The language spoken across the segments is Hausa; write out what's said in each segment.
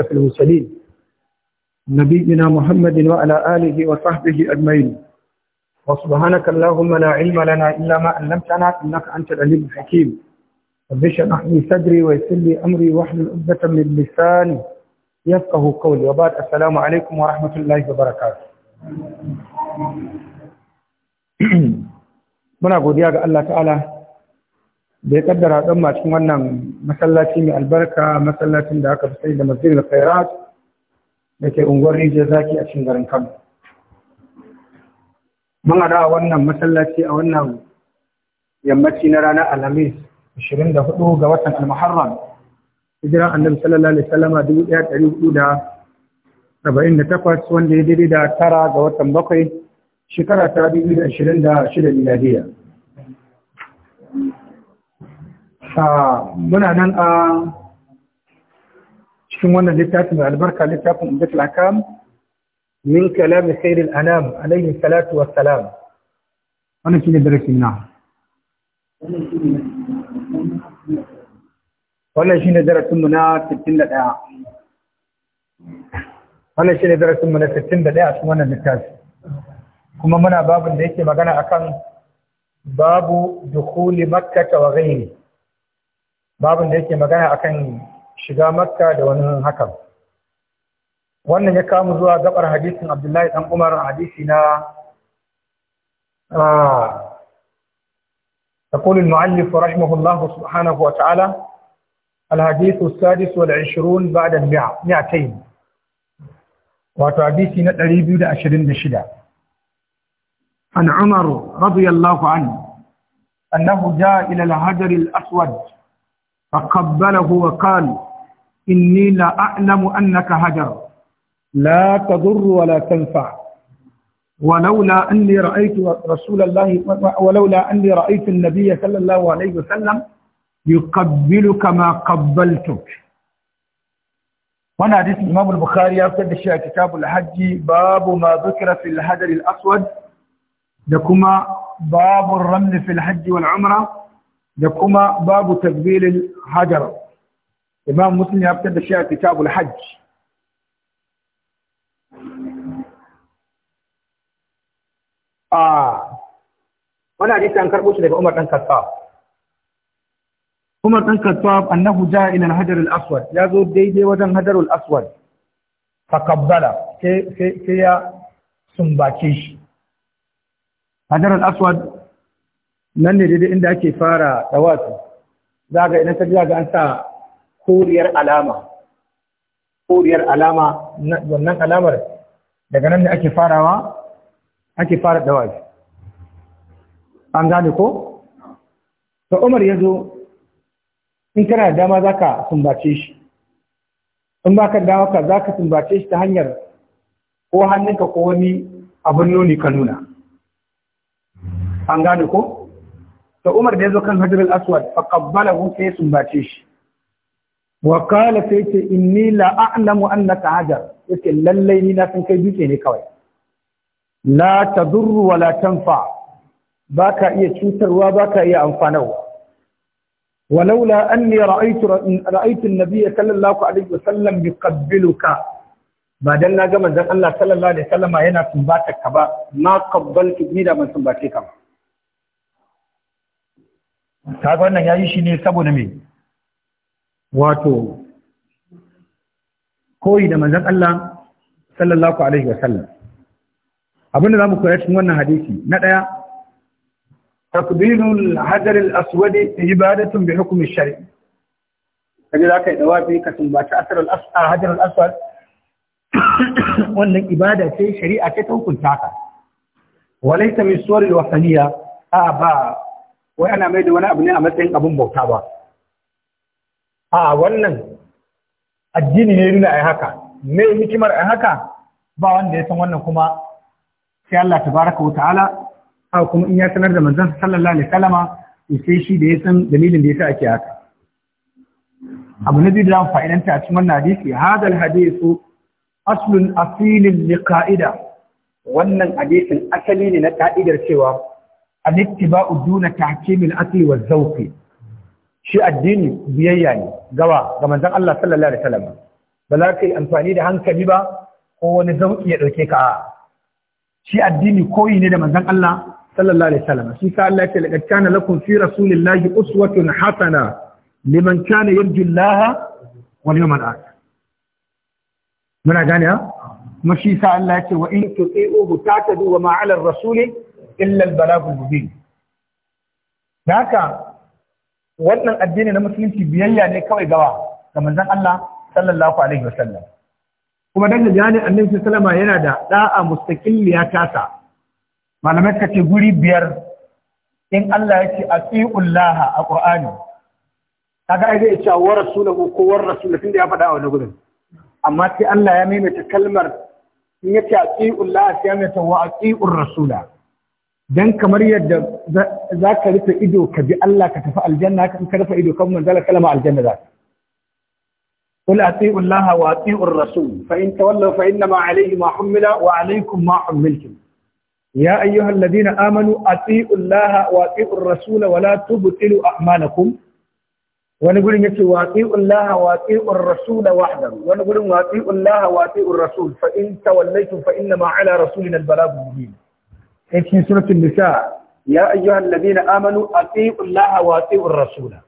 أشرف المرسلين نبينا محمد وعلى آله وصحبه أجمعين وسبحانك اللهم لا علم لنا إلا ما علمتنا إنك أنت العليم الحكيم رب اشرح لي صدري ويسر لي أمري واحلل عقدة من لساني يفقه قولي وبعد السلام عليكم ورحمة الله وبركاته muna godiya ga Allah ta'ala da ya kaddara don cikin wannan masallaci mai albarka masallacin da aka fi sai da masjidin khairat da ke unguwar rijiyar zaki a cikin garin kano mun haɗu a wannan masallaci a wannan yammaci na ranar alhamis 24 ga watan almuharram hijiran annabi sallallahu alaihi wasallama 1448 wanda ya daidai da tara ga watan bakwai shekara ta 2026 miladiyya muna nan a cikin wannan littafin albarka littafin umdat al-akam min kalam khair al-anam alayhi salatu wa salam wannan shine darasin na wannan shine darasin mu na 61 wannan shine darasin mu na 61 a cikin wannan littafi. kuma muna babin da yake magana akan babu dukhuli makkah wa ghairihi babin da yake magana akan shiga makka da wani hakan wannan ya kamu zuwa gabar hadisin abdullahi dan umar hadisi na يقول المؤلف رحمه الله سبحانه وتعالى الحديث السادس والعشرون بعد المئة مئتين وتعديث نتعلي بيود أشرين بشدة عن عمر رضي الله عنه أنه جاء إلى الهجر الأسود فقبله وقال إني لا أعلم أنك هجر لا تضر ولا تنفع ولولا أني رأيت رسول الله ولولا أني رأيت النبي صلى الله عليه وسلم يقبلك ما قبلتك وانا حديث الإمام البخاري يفتد الشيء كتاب الحج باب ما ذكر في الحجر الأسود لكما باب الرمل في الحج والعمرة da kuma babu tazbilin hajar imam muslim ya fitar da shi a kitabul hajj a wani hadisi an karɓo shi daga umar ɗan khattab umar ɗan khattab annahu ja ila al-hajar al-aswad ya zo daidai wajen hajar al-aswad fa kabbala sai ya sumbace shi hajar al-aswad nan ne daidai inda ake fara tawafi za ga idan ka ji ga an sa koriyar alama koriyar alama wannan alamar daga nan ne ake farawa ake fara tawafi an gane ko to Umar ya zo in kana da dama zaka sumbace shi in baka dawo ka zaka sumbace shi ta hanyar ko hannunka ko wani abin nuni ka nuna an gane ko ta umar da ya zo kan hajjar al’aswad a ƙabbala wuce ya sumbace shi wa kala sai ce in ni la’a’alamu an na ta hajjar ya ce lallai ni na san kai dutse ne kawai la ta zurru fa ba ka iya cutarwa ba ka iya amfanarwa walaula an ne ra’aitun nabi ya sallallahu alaihi wasallam bi kabbilu ka ba dan na gama zan Allah sallallahu alaihi wasallama yana sumbata ka ba na kabbal ki gida man sumbace ka ba kaga wannan yayi shi ne saboda me wato koyi da manzon Allah sallallahu alaihi wa sallam abinda zamu koya cikin wannan hadisi na daya takbirul hajar al-aswad ibadatun bi hukm al-shari' kaje zaka yi dawafi ka tumbaci asar al-aswad hajar al-aswad wannan ibada ce shari'a ce ta hukunta ka walaysa min suwar al-wasaniyya a ba wai ana mai da wani abu ne a matsayin abin bauta ba a wannan addini ne nuna a haka me hikimar ai haka ba wanda ya san wannan kuma sai Allah tabaraka wa ta'ala A'a kuma in ya sanar da manzon sallallahu alaihi wasallama sai shi da ya san dalilin da yasa ake haka abu na biyu da zamu fa'idanta a cikin wannan hadisi hadal hadisu aslun asilin liqa'ida wannan hadisin asali ne na ka'idar cewa al uduna duna tahkimil aqli wa zawqi shi addini biyayya ne gawa ga manzon Allah sallallahu alaihi wasallam ba za ka yi amfani da hankali ba ko wani zauki ya dauke ka shi addini koyi ne da manzon Allah sallallahu alaihi wasallam shi ka Allah ya ce laqad kana lakum fi rasulillahi uswatun hasana liman kana yarju Allah wal yawmal akhir muna gane ha kuma shi sa Allah ya ce wa in tuti'uhu tatadu wa ma 'ala ar-rasuli illa al-balagul mubin haka wannan addini na musulunci biyayya ne kawai gawa ga manzon Allah sallallahu alaihi wasallam kuma dan da gane annabi sallama yana da da'a mustaqilliya tasa malamai ka ce guri biyar in Allah ya ce atiullaha a qur'ani kaga ai zai ce wa rasulahu ko war rasul tunda ya faɗa a wani amma sai Allah ya maimaita kalmar in yace atiullaha sai ya maimaita wa atiur rasula dan kamar yadda za ka rufe ido ka bi Allah ka tafi aljanna ka ka rufe ido kan manzala kalma aljanna za ka قل اطيعوا الله واطيعوا الرسول ma تولوا فانما عليه ما حمل وعليكم ما حملتم يا ايها الذين امنوا اطيعوا الله واطيعوا الرسول ولا تبطلوا اعمالكم wani gurin yace waqi'u Allah waqi'u ar-rasul wahdahu wani gurin waqi'u Allah waqi'u ar-rasul fa in tawallaytum fa inna ma ala rasulina al-balagh mubin sai cikin suratul nisa ya ayyuhal ladina amanu atiiu allaha wa atiiu rasula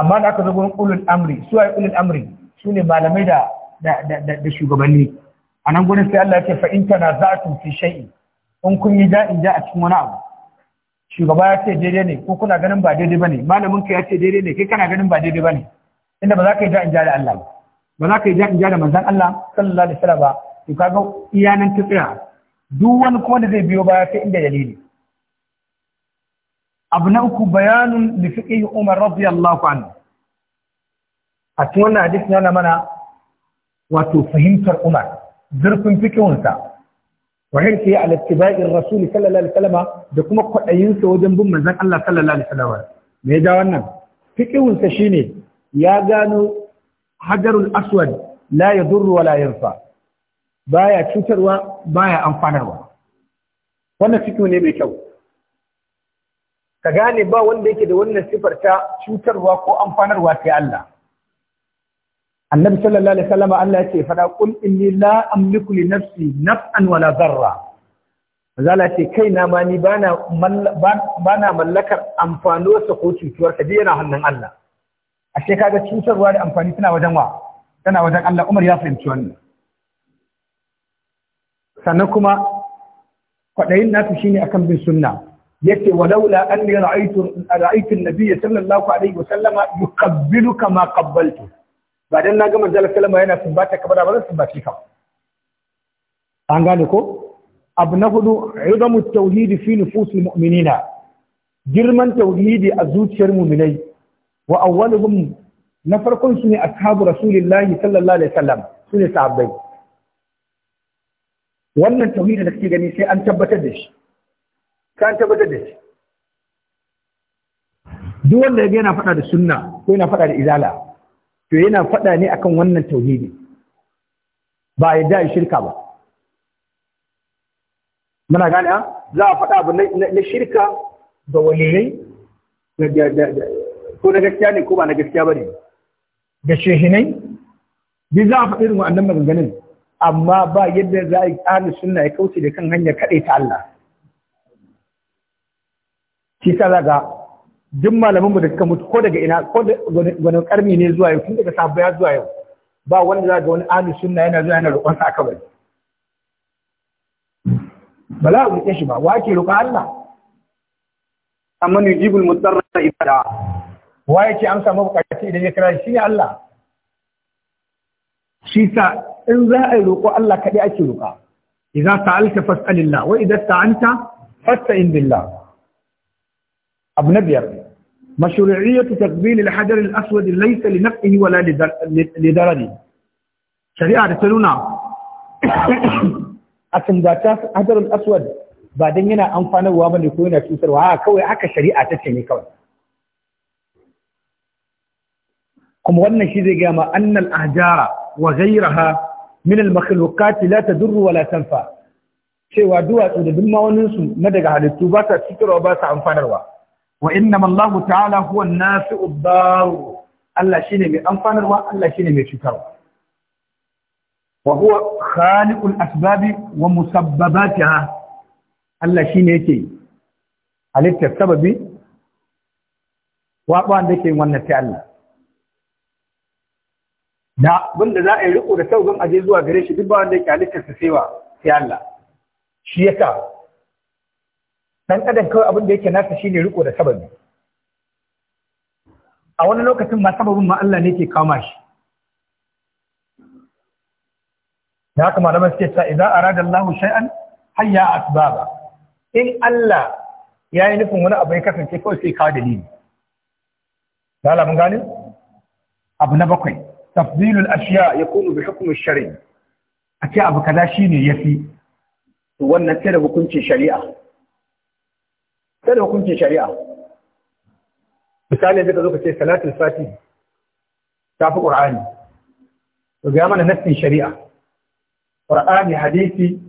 amma da aka zo gurin ulul amri su ai ulul amri sune malamai da da shugabanni a nan gurin sai Allah ya ce fa in tanaza'tum fi shay'in in kun yi ja'in ja a cikin wani abu shugaba ya ce daidai ne ko kuna ganin ba daidai bane malamin ka ya ce daidai ne kai kana ganin ba daidai bane inda ba za ka yi ja'in ja da Allah ba ba za ka yi ja'in ja da manzon Allah sallallahu alaihi wasallam ba to kaga iyanan ta tsaya duk wani kuma da zai biyo baya sai inda dalili abu na uku bayanun li fiqhi Umar radiyallahu anhu a cikin wannan hadisi yana mana wato fahimtar Umar zurfin fiƙiwansa, wa hirki ala ittiba'i rasul sallallahu alaihi wasallam da kuma kwadayin sa wajen bin manzon Allah sallallahu alaihi wasallam me ya ja wannan fiqhunsa shine ya gano hajarul aswad la yadurru wa la baya cutarwa baya amfanarwa wannan fito ne mai kyau ka gane ba wanda yake da wannan sifar ta cutarwa ko amfanarwa sai Allah annabi sallallahu alaihi wasallam Allah yake fada qul inni la amliku li nafsi naf'an wala dharra zala ce kai na ma ni bana bana mallakar amfanuwarsa ko cutuwar ka yana hannun Allah ashe kaga cutarwa da amfani tana wajen wa tana wajen Allah Umar ya fahimci wannan sannan kuma kwaɗayin nasu shine akan bin sunna Yake walaula anni ra'aytu ra'aytu an-nabiy sallallahu alaihi wasallama yuqabbiluka ma qabbaltu ba dan naga manzo sallallahu yana sumbata ka ba ba zan sumbace ka an gane ko abu na hudu idamu tauhidi fi nufusil mu'minina girman tauhidi a zuciyar mu'minai wa awwaluhum na farkon su ne ashabu rasulillahi sallallahu alaihi wasallam su ne sahabbai wannan tauhidi da kake gani sai an tabbatar da shi K'an tabbatar da shi duk wanda ya yana faɗa da sunna ko yana faɗa da izala to yana faɗa ne akan wannan tauhidi ba ya da shirka ba muna gane a. za a faɗa abu na shirka ga waliyai ko na gaskiya ne ko ba na gaskiya ba ne da shehinai duk za a faɗi irin wa'annan maganganun amma ba yadda za a yi ahli suna ya kauce da kan hanyar kaɗai ta Allah shi sa ga duk malamin mu da suka mutu ko daga ina ko gwanin ƙarni ne zuwa yau tun daga ya zuwa yau ba wanda za ga wani ahli suna yana zuwa yana roƙon sa a kabari ba za a wuce shi ba wa ke roƙa Allah amma ne jibul mutarra da wa yake amsa mabukata idan ya kira shi ne Allah shisa in za a yi roƙo Allah kaɗai ake roƙa idza ta'alta fas'alillah wa idza ta'anta fasta'in billah abu na biyar mashru'iyyatu taqbil al-hajar al-aswad laysa li naf'ihi wala li darari shari'a da ta nuna a kan tunzata hajar al-aswad ba dan yana amfanarwa bane ko yana cutarwa a kawai haka shari'a ta ce ne kawai kuma wannan shi zai ga ma annal ahjara وغيرها من المخلوقات لا تضر ولا تنفع cewa duwatsu da duk mawaninsu na daga halittu ba sa cikarwa ba sa amfanarwa wa inna mallahu ta'ala huwa nasi'u daru Allah shine mai amfanarwa Allah shine mai cutarwa wa huwa khaliqul asbabi wa musabbabatiha Allah shine yake halittar sababi wa ba wanda yake wannan sai Allah da wanda za a yi riko da taugan aje zuwa gare shi duk ba wanda yake halittar sa sai wa sai Allah shi yasa dan adam kawai abin da yake nasa shine riko da sababi a wani lokacin ma sababin ma Allah ne ke kama shi da haka da suke cewa idan arada Allahu shay'an hayya asbaba in Allah ya yi nufin wani abu ya kasance kawai sai kawo dalili da mun gani abu na bakwai تفضيل الأشياء يكون بحكم الشرع أتي أبو كذا شيني يفي وانا ترى بكنت شريعة ترى بكنت شريعة misali zai zo ka ce salatul fati ta fi ƙur'ani to ga mana naskin shari'a ƙur'ani hadisi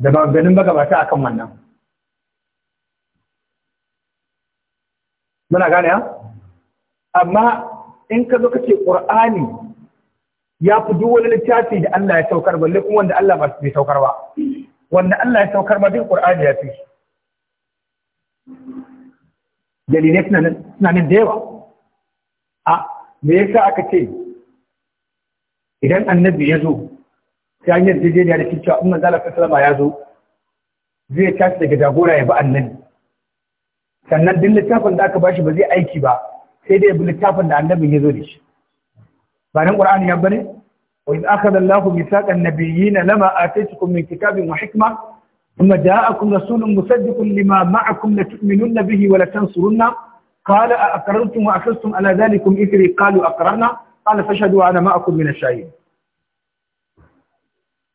da maganganun magabata akan wannan muna amma in ka zo kace qur'ani ya fi duk wani littafi da Allah ya saukar balle kuma wanda Allah ba bai saukar ba wanda Allah ya saukar ba duk qur'ani ya fi dalilai suna nan suna nan da yawa a me yasa aka ce idan annabi ya zo ta hanyar jejeniya da cewa in manzo ta salama ya zo zai tashi daga jagora ya bi annabi sannan duk littafin da aka bashi ba zai aiki ba sai dai littafin da annabin ya zo da shi ba nan qur'ani ya bane wa idh akhadha Allahu mithaqan nabiyyina lama ataytukum min kitabin wa hikma thumma ja'akum rasulun musaddiqun lima ma'akum la tu'minunna bihi wa la tansurunna qala a aqrartum wa akhadhtum ala dhalikum ithri qalu aqrarna qala fashhadu ana ma'akum min ash-shahidin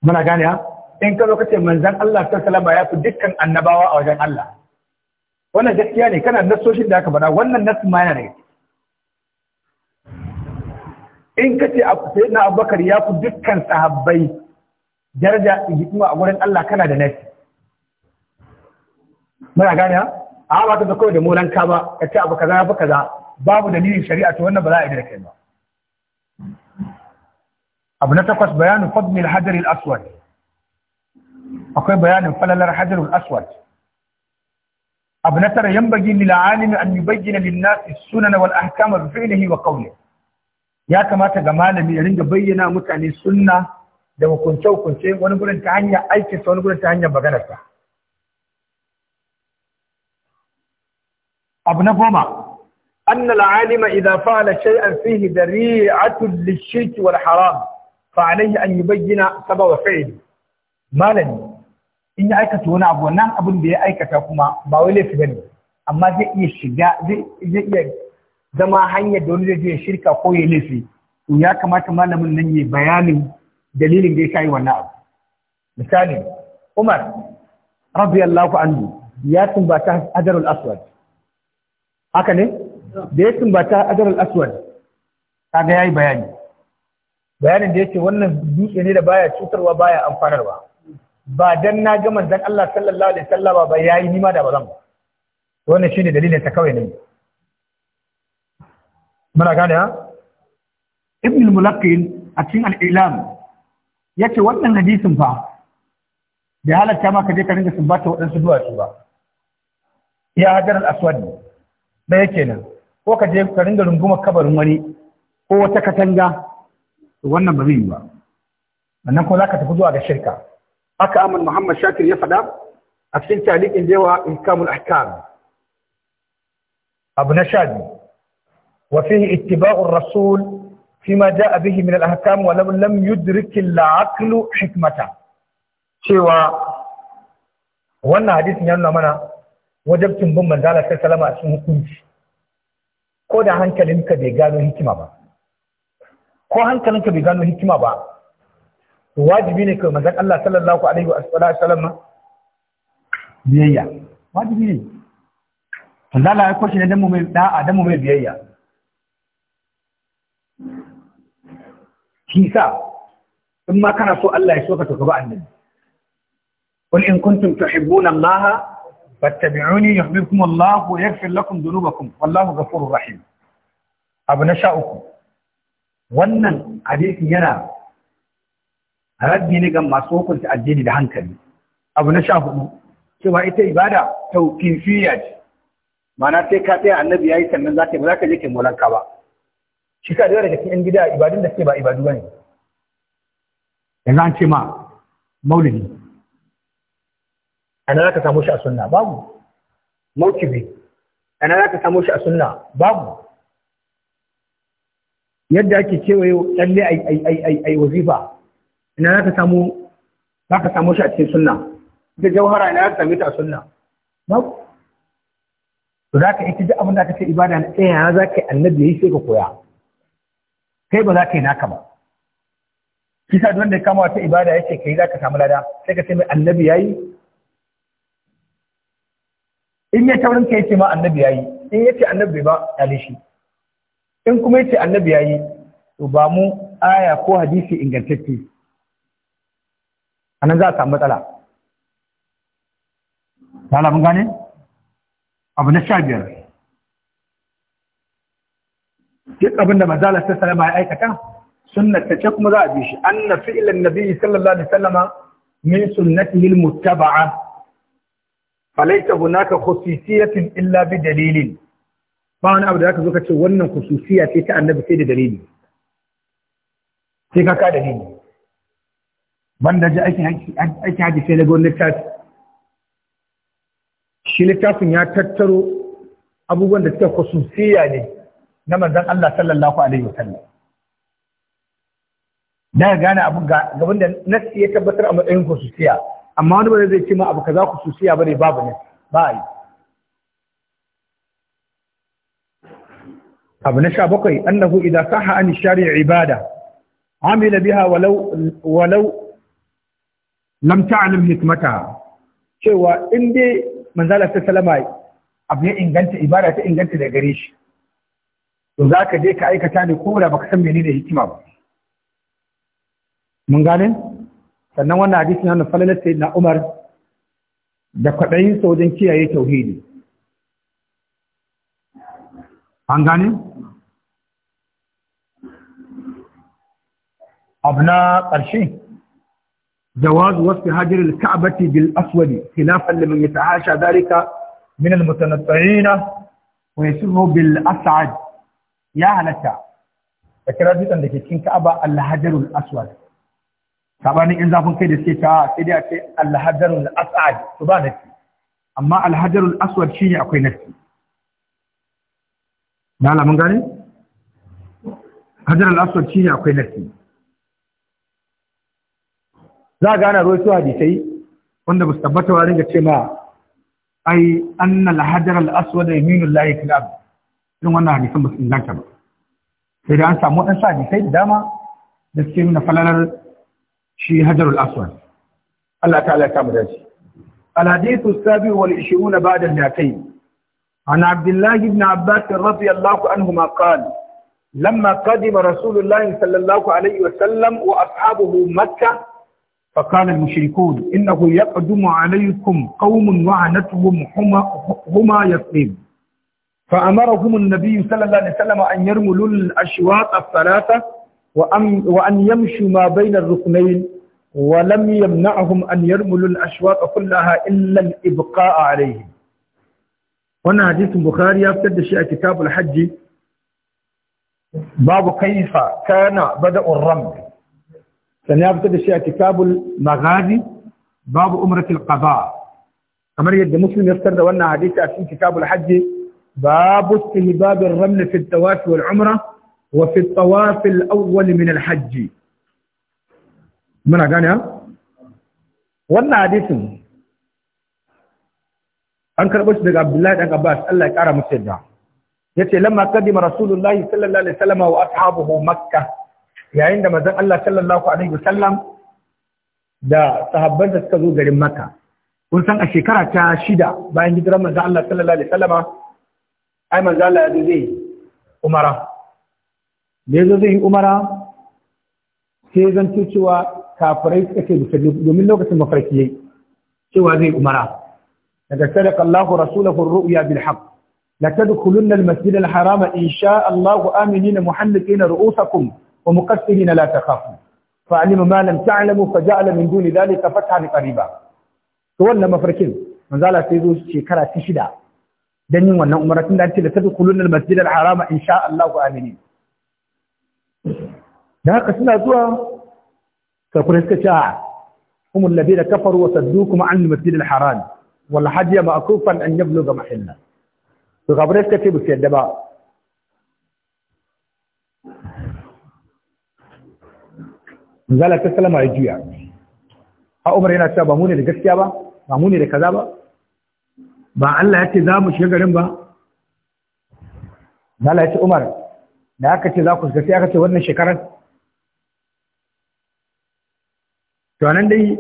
muna gane ha in ka zo kace manzon Allah sallallahu alaihi ya fi dukkan annabawa a wajen Allah wannan gaskiya ne kana nasoshin da aka faɗa wannan nasu ma yana da gaske in ka ce sayyidina abubakar ya fi dukkan sahabbai daraja kuma a wurin Allah kana da nafi muna gane ha a ba ta kawai da molanka ba ka ce abu kaza ya fi kaza babu dalilin shari'a to wannan ba za a yi da kai ba abu na takwas bayanin fadmil hajaril aswad akwai bayanin falalar hajarul aswad abu na tara yan bagi lil alimi an yubayyana lin nas sunan wal ahkam bi fi'lihi wa qawlihi ya kamata ga malami ya ringa bayyana mutane sunna da hukunce-hukunce wani gudun ta hanyar aikinsa wani gudun ta hanyar maganarsa. Abu na goma, fi hidari إذا فعل شيئا فيه ذريعة للشرك an yi bayyana saba wa fa'ili. Malami, in ya aikata wani abu wannan abin da ya aikata kuma ba wai laifi ne, amma zai iya shiga zai iya zama hanyar da wani zai je shirka ko ya laifi to ya kamata malamin nan ya bayanin dalilin da ya sa yi wannan abu misali Umar radiyallahu anhu ya tumbata hajarul aswad haka ne da ya tumbata hajarul aswad kaga yayi bayani bayanin da yake wannan dutse ne da baya cutarwa baya amfanarwa ba dan na ga manzon Allah sallallahu alaihi wasallam ba yayi nima da bazan ba wannan shine dalilin ta kawai ne muna gane ha ibn al a cikin alilam ya ce wannan hadisin fa bai halatta ma ka je ka ringa sumbata waɗansu duwatsu ba ya hajar al ne. da yake ko ka je ka ringa runguma kabarin wani ko wata katanga to wannan ba zai yi ba wannan ko ka tafi zuwa ga shirka haka amin muhammad shakir ya faɗa a cikin taliqin da yawa ihkamul ahkam abu na sha biyu وفيه اتباع الرسول فيما جاء به من الأحكام ولم لم يدرك العقل حكمته cewa wannan hadisin ya nuna mana wajabcin bin manzala sai salama a cikin hukunci ko da hankalinka bai gano hikima ba ko hankalinka bai gano hikima ba wajibi ne kai manzon Allah sallallahu alaihi wa sallam biyayya wajibi ne manzala ne mu mai biyayya kisa in ma kana so Allah ya so ka tafi ba annabi qul in kuntum tuhibbuna Allah fattabi'uni yuhibbukum Allah wa yaghfir lakum dhunubakum wallahu ghafurur rahim abu na sha uku wannan hadisi yana raddi ne ga masu hukunta addini da hankali abu na sha hudu cewa ita ibada tauqifiyya ce ma'ana sai ka tsaya annabi yayi sannan zaka ba zaka je kai mulanka ba shi ka daga cikin yan gida ibadun da suke ba ibadu bane yanzu an ce ma maulidi ana za ka samu shi a sunna babu maukibi ana za ka samu shi a sunna babu yadda ake kewaye tsalle ai wazifa ina za ka samu za ka samu shi a cikin sunna ita jauhara ina za ka samu ta a sunna babu to za ka ita duk abin da ka ce ibada na ɗaya za ka yi annabi ya yi sai ka koya kai ba za ka yi naka ba kisa don wanda ya kama wata ibada ya ce kai za ka samu lada sai ka ce mai annabi ya yi in ya taurin ka ya ce ma annabi ya yi in ya ce annabi ba ya shi in kuma ya ce annabi ya yi to ba mu aya ko hadisi ingantacce a nan za a samu matsala ta labin gane abu na sha biyar duk abin da manzala ta salama ya aikata sunnata ce kuma za a bi shi anna fi'lan nabi sallallahu alaihi wasallam min sunnatihi almuttaba'a falaysa hunaka khususiyatin illa bi dalilin ba wani abu da zaka zo ka ce wannan khususiya ce ta annabi sai da dalili sai ka ka dalili banda ji aikin aiki aiki sai na gwamnati littafi shi littafin ya tattaro abubuwan da suka khususiya ne na manzon Allah sallallahu alaihi wasallam da gane abin ga gaban da nasi ya tabbatar a matsayin susiya amma wani ba zai ce ma abu kaza kususiya bane babu ne ba a yi abu na sha bakwai annahu idan saha an shari'a ibada amila biha walau walau lam ta'lam hikmata cewa in dai manzala ta salama abu ya inganta ibada ta inganta da gare shi to za ka je ka aikata ne ko da baka san menene hikima ba mun gane sannan wannan hadisi na falalar sayyidina Umar da kwaɗayin sa wajen kiyaye tauhidi an gane abu na ƙarshe جواز وصف هاجر الكعبة بالأسود خلافا لمن يتعاشى ذلك من المتنطعين ويسمه بالأسعد ya halatta da kira dutsen da ke cikin ka'aba alhajarul aswad sabanin in zafin kai da suke ta sai dai a ce alhajarul asad to ba nafi amma alhajarul aswad shine akwai nafi na alamun gane hajarul aswad shine akwai nafi za ga ana ruwaito hadisai wanda ba su tabbata wa ringa ce ma ai annal hajarul aswad yaminullahi fil ardh irin wannan hadisan ba su inganta ba sai da an samu waɗansu hadisai da dama da suke nuna falalar shi hajarul aswad Allah ta'ala ya kama dace الحديث السابع والعشرون بعد المئتين عن عبد الله بن عباس رضي الله عنهما قال لما قدم رسول الله صلى الله عليه وسلم وأصحابه مكة فقال المشركون إنه يقدم عليكم قوم وعنتهم هما يثرب فأمرهم النبي صلى الله عليه وسلم أن يرملوا الأشواط الثلاثة وأن وان يمشوا ما بين الركنين ولم يمنعهم أن يرملوا الأشواط كلها إلا الإبقاء عليهم هنا حديث البخاري يفتد شيء كتاب الحج باب كيف كان بدأ الرمل سنة يفتد شيء كتاب المغازي باب أمرة القضاء أمر يد مسلم يفتد وانا حديث في كتاب الحج باب استهباب الرمل في الطواف والعمرة وفي الطواف الأول من الحج muna gane ha wannan hadisin an karɓo shi daga abdullahi ɗan abbas allah ya ƙara ya ce lamma kadima rasulullahi sallallahu alaihi wasallam wa ashabuhu makka yayin da mazan allah sallallahu alaihi wasallam da sahabbansa suka zo garin makka Mun san a shekara ta shida bayan hijirar manzon allah sallallahu ai manzo Allah ya zai umara da yazo zai umara sai zan cewa kafirai suke bisa domin lokacin mafarki yayi cewa zai umara daga sadaka Allahu rasulahu na ruya bil haqq la tadkhulunna al-masjid al-harama insha Allahu aminina muhallikina ru'usakum wa muqassirina la takhafun fa'alima ma lam ta'lamu ja'ala, min duni dhalika fathan qariba to wannan mafarkin manzo Allah sai zo shekara ta shida dan yin wannan umara tun da an ce da tadkhuluna al-masjid al-harama insha Allah aminin da haka suna zuwa kafirai suka ce هم الذين كفروا وصدوكم عن المسجد الحرام والحج مأكوفا أن يبلغ محله فغبرت كتب السيدباء zala ta salama ya juya a umar yana cewa ba mu ne da gaskiya ba ba mu ne da kaza ba ba Allah ya ce za mu shiga garin ba Allah ya ce Umar da aka ce za ku shiga sai aka ce wannan shekarar to nan dai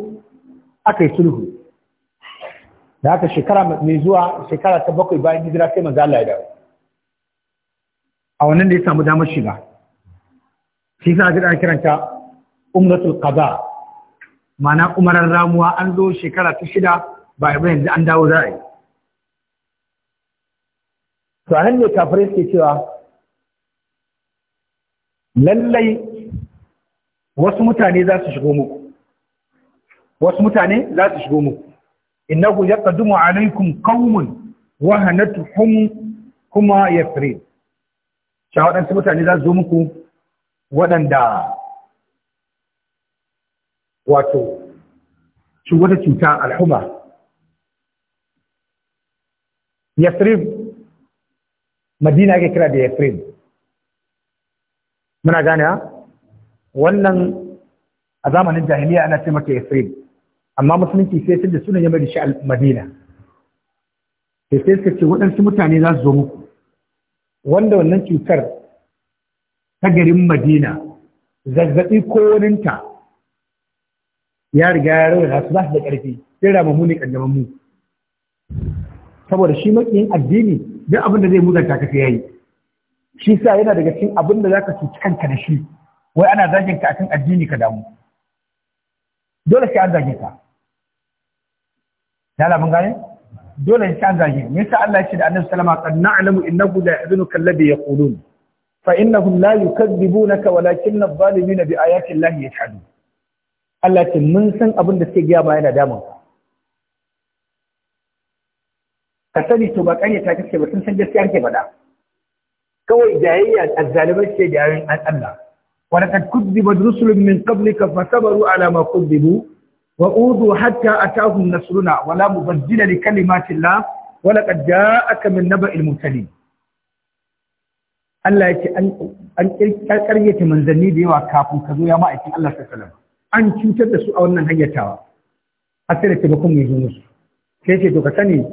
aka yi sulhu da aka shekara mai zuwa shekara ta bakwai bayan hijira sai manzo Allah ya dawo a wannan da ya samu damar shiga shi sa ji da kiranta umratul qada ma'ana umarar ramuwa an zo shekara ta shida ba yanzu an dawo za a yi to anan ne kafirai suke cewa lallai wasu mutane za su shigo muku wasu mutane za su shigo muku innahu yaqdumu alaykum qaumun wa hanatuhum kuma yasrin cewa waɗansu mutane za su zo muku waɗanda wato wata cuta al'umma yasrib madina ake kira da Yafrin. muna gane ha wannan a zamanin jahiliya ana ce maka Yafrin, amma musulunci sai sun da sunan ya da shi madina sai sai suka ce waɗansu mutane za su zo muku wanda wannan cutar ta garin madina zazzaɓi ko waninta ya riga ya rawa su ba su da ƙarfi sai ramamu ne ƙanjamammu saboda shi makiyin addini duk abin da zai muzanta ka sai yayi shi sa yana daga cikin abin da zaka cuci kanka da shi wai ana zagin ka akan addini ka damu dole sai an zage ka ya mun gane dole sai an zage me sa Allah ya ce da Annabi alaihi wasallam na'lamu innahu la yahzunuka alladhi yaqulun fa innahum la yukadzibunaka walakinna adh-dhalimina bi ayati llahi yashhadun Allah ce mun san abin da suke gaya ba yana damun ka ka sani to ba ƙarya ta kake ba sun san gaskiya ke faɗa kawai jayayya azzalimai ce da yayin an Allah wa laqad kudziba rusulun min qablika fasabaru ala ma kudzibu wa udu hatta atahum nasruna wa la mubaddila li kalimatillah wa laqad ja'aka min naba'il mursalin Allah ya ce an ƙarƙarƙe manzanni da yawa kafin ka zo ya ma'aikin Allah sallallahu alaihi wasallam an cutar da su a wannan hanyar tawa. a sai da kuma mai zo musu sai ce to ka sani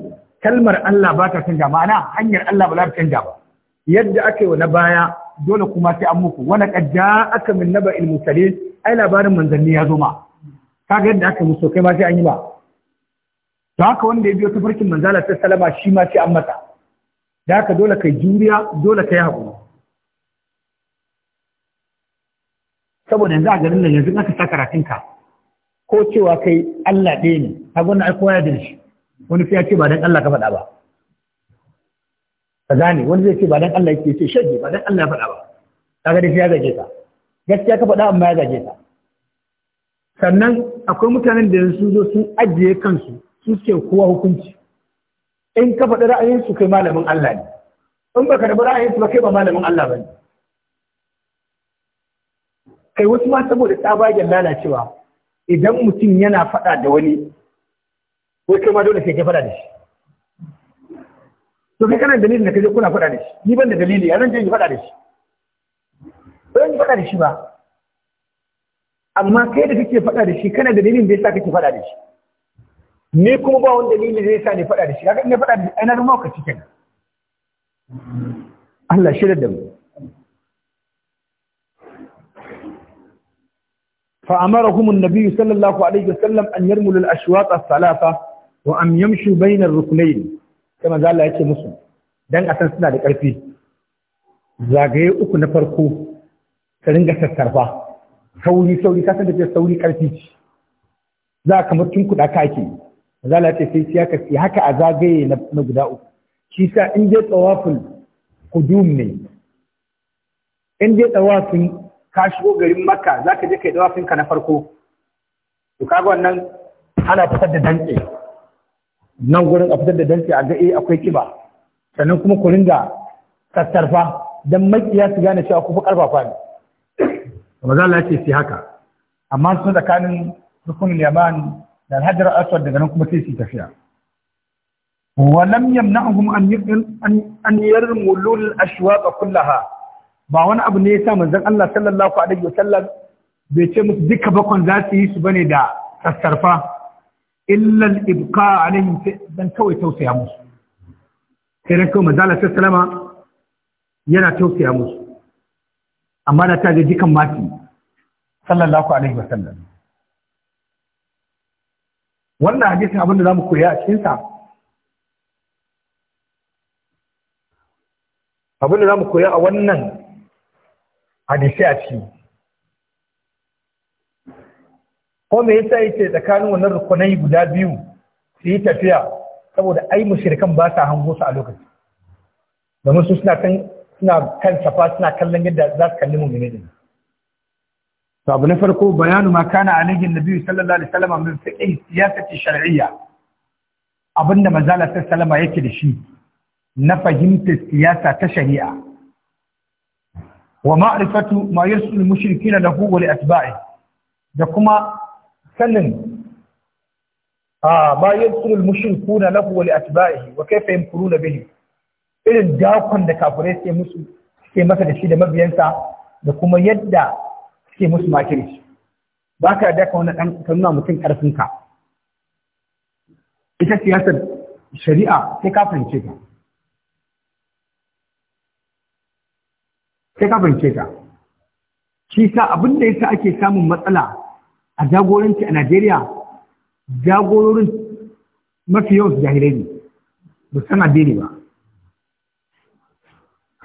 kalmar Allah ba ta canja ma'ana hanyar Allah ba za ta canja ba yadda aka yi na baya dole kuma sai an muku wani kadda aka min naba ilmusale ai labarin manzanni ya zo ma kaga yadda aka muso kai ma sai an yi ba to haka wanda ya biyo ta farkin manzala ta salama shi ma sai an mata da haka dole kai juriya dole kai haƙuri saboda yanzu a garin nan yanzu aka sa karatunka ko cewa kai Allah ɗaya ne ka gwanna ai kowa ya shi wani sai ya ce ba dan Allah ka faɗa ba ka gane wani zai ce ba dan Allah yake ce shege ba dan Allah ya faɗa ba kaga dai sai ya gaje ka gaskiya ka faɗa amma ya gaje ka sannan akwai mutanen da sun zo sun ajiye kansu su suke kowa hukunci in ka faɗi su kai malamin Allah ne in baka rabu su ba kai ba malamin Allah ba ne kai wasu ma saboda tsabagen lalacewa idan mutum yana faɗa da wani ko kai ma dole sai ka faɗa da shi to kai kana dalilin da kaje kuna faɗa da shi ni ban da dalili a zan je in faɗa da shi ba zan faɗa da shi ba amma kai da kake faɗa da shi kana dalilin da yasa kake faɗa da shi ni kuma ba wani dalili da yasa ni faɗa da shi kaga in faɗa da shi ai na zama ka cikin Allah shirya da mu فأمرهم النبي صلى الله عليه وسلم أن يرملوا الأشواط الثلاثة wa am yamshu bainar rukunayn sai manzo Allah ya musu dan a san suna da ƙarfi zagaye uku na farko ka ringa sassarfa sauri sauri ka san da ke sauri karfi ce za ka mutun kuɗa kake manzo Allah ya ce sai siya ka haka a zagaye na guda uku shi sa in je tsawafin kudum ne in je tsawafin ka shigo garin makka za ka je kai tsawafin ka na farko to kaga wannan ana fitar da dantse nan gurin a fitar da dantse a ga eh akwai kiba sannan kuma ku ringa tattarfa dan makiya su gane cewa ku fi karfafa ne za Allah ce sai haka amma sun tsakanin rukunin yaman da alhajar aswad daga nan kuma sai su tafiya ولم يمنعهم أن أن يرملوا الأشواق كلها ba wani abu ne yasa manzon Allah sallallahu alaihi wasallam bai ce musu duka bakon za su yi su bane da sassarfa illal ibqa alaihim dan kawai tausaya musu sai dan kawai manzala sallama yana tausaya musu amma da ta ga jikan mati sallallahu alaihi wasallam wannan hadisin abinda zamu koya a cikin sa abinda zamu koya a wannan hadisi a cikin ko me yasa yace tsakanin wannan rukunai guda biyu su yi tafiya saboda ai mushrikan ba sa hango su a lokaci domin su suna kan suna kan safa suna kallon yadda za su kalli mu'mini din to abu na farko bayanu ma kana alaihi nabi sallallahu alaihi wasallam min fiqh siyasati shar'iyya abinda manzala sallallahu alaihi yake da shi na fahimtar siyasa ta shari'a wa ma'rifatu ma yasul mushrikina lahu wa li atba'i da kuma sannin a ah, ma mushin kuna lahu wa li atba'ihi wa kayfa bihi irin dakon da kafirai suke musu suke masa da shi da mabiyansa da kuma yadda suke musu makirci ba ka da ka wani ɗan kanuna mutum ƙarfinka ita siyasar shari'a sai ka fahimce ta sai ka fahimce ta shi sa abin da yasa ake samun matsala a jagoranci a Najeriya jagororin mafi yawan su jahilai ne ba san addini ba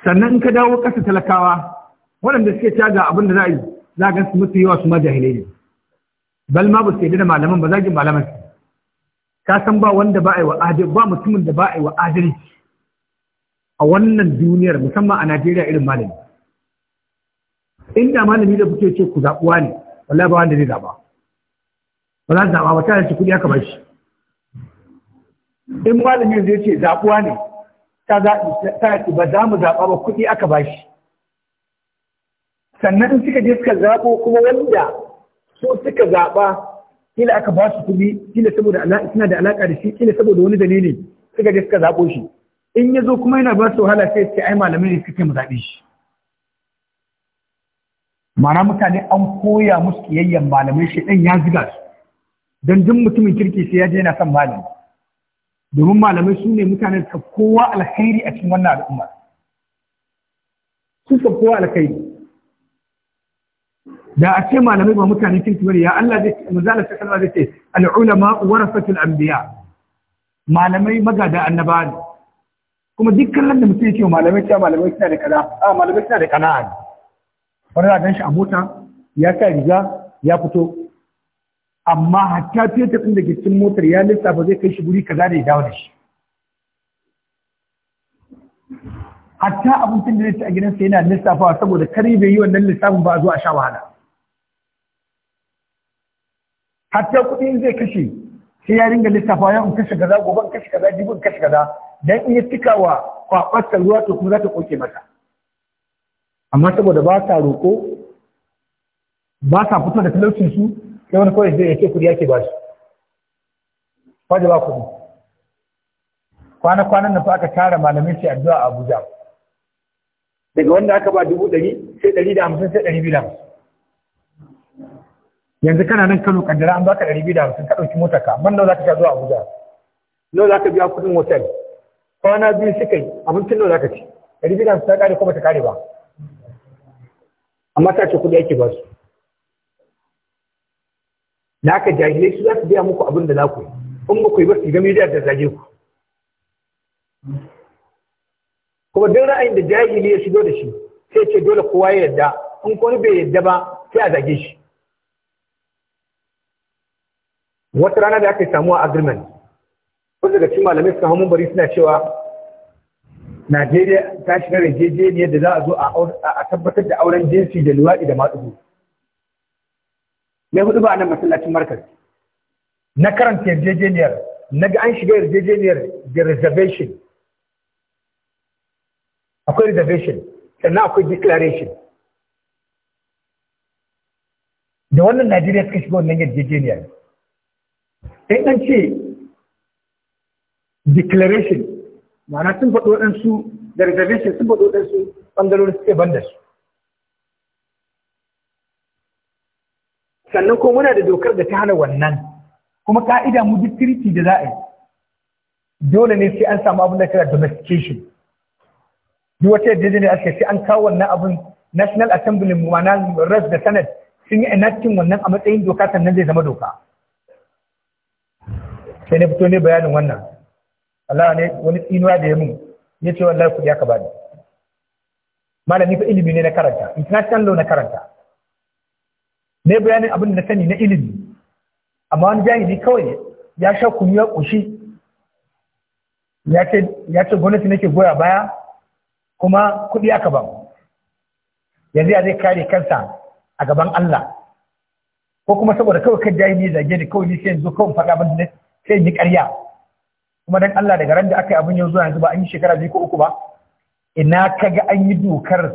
sannan in ka dawo ƙasa talakawa waɗanda suke caja abin da za yi za a gansu mafi yawa su ma jahilai ne bal ma ba su yi da malaman ba za a malaman su ka san ba wanda ba a yi wa adalci ba mutumin da ba a yi wa adalci a wannan duniyar musamman a Najeriya irin malami inda malami da kuke ce ku zaɓuwa ne wallahi ba wanda zai zaba ba za su zaba ba tare da kuɗi aka bashi in malamin zai ce zaɓuwa ne ta zaɓi ba za mu zaɓa ba kuɗi aka bashi sannan in suka je suka zaɓo kuma wanda so suka zaɓa kila aka ba su kuɗi kila saboda suna da alaƙa da shi kila saboda wani dalili suka je suka zaɓo shi in ya zo kuma yana ba su wahala sai ce ai malamai ne suke mu zaɓe shi mana mutane an koya musu kiyayyen malamai shi ɗan ya ziga su don duk mutumin kirki sai ya je yana son malami domin malamai su ne mutane da kowa alkhairi a cikin wannan al'umma su kowa alkhairi da a ce malamai ba mutane kirki bane ya Allah zai manzala ta kalma zai ce al warasatul anbiya malamai magada annabawa ne kuma dukkan da mutum yake malamai cewa malamai suna da kaza a ah, malamai suna da kana'a wani za gan shi a mota ya sa riga ya fito amma hatta fiye ɗin da ke cikin motar ya lissafa zai kai shi guri kaza da ya dawo da shi hatta abincin da ci a gidansa yana lissafawa saboda kare bai yi wannan lissafin ba a sha wahala hatta kuɗi zai kashe sai ya ringa lissafawa yau in kashe kaza gobe in kashe kaza jibin kashe kaza dan in ya tikawa kwakwasta ruwa to kuma za ta koke masa amma saboda ba sa roƙo ba sa fito da talaucin su sai wani kawai zai yake kudi yake ba su kwaje ba kudi kwana-kwanan nan fa aka tara malamin sai addu'a a Abuja daga wanda aka ba dubu ɗari sai ɗari da hamsin sai ɗari biyu da hamsin yanzu kana nan Kano kaddara an baka ɗari biyu da hamsin ka ɗauki mota ka amma nawa za ka sha zuwa Abuja nawa za ka biya kuɗin hotel kwana biyu suka yi abincin nawa za ka ci ɗari biyu da hamsin ta ƙare ko ta ƙare ba amma ta ce kuɗi ake ba su na ka jahilai su za su biya muku abin da za ku yi in ba ku yi ba su da zage ku kuma duk ra'ayin da jahili ya shigo da shi sai ce dole kowa ya yarda in kuma bai yarda ba sai a zage shi wata rana da aka samu a agreement wasu daga cikin malamai suka hamun bari suna cewa Najeriya ta shiga yarjejeniyar da za a zo a tabbatar da auren jinsi da luwaɗi da matsugu. Me hudu ba nan masallacin markas. Na karanta yarjejeniyar, na ga an shiga yarjejeniyar da reservation. Akwai reservation, sannan akwai declaration. Da wannan Najeriya suka shiga wannan yarjejeniyar. In ɗan ce declaration ma'ana sun faɗo ɗansu da reservation sun faɗo ɗansu ɓangarorin suke ban da su sannan ko muna da dokar da ta hana wannan kuma ka'ida mu duk tiriti da za a yi dole ne sai an samu abin da kira domestication duk wata yadda ne aka sai an kawo wannan abin national assembly mu ma'ana ras da senate sun yi enacting wannan a matsayin doka sannan zai zama doka sai na fito ne bayanin wannan Allah ne wani tsinuwa da ya mun ya ce wallahi kuɗi aka bani malami fa ilimi ne na karanta international law na karanta ne bayanin abin da na sani na ilimi amma wani jami'i kawai ya sha kunu ya ƙushi ya ce gwamnati nake goya baya kuma kuɗi aka ban. yanzu ya zai kare kansa a gaban Allah ko kuma saboda kawai kan jami'i zage ni kawai ni sai yanzu kawai faɗa ban sai yi ƙarya kuma dan Allah daga ran da aka yi abin yau zuwa yanzu ba an yi shekara biyu ko uku ba ina kaga an yi dokar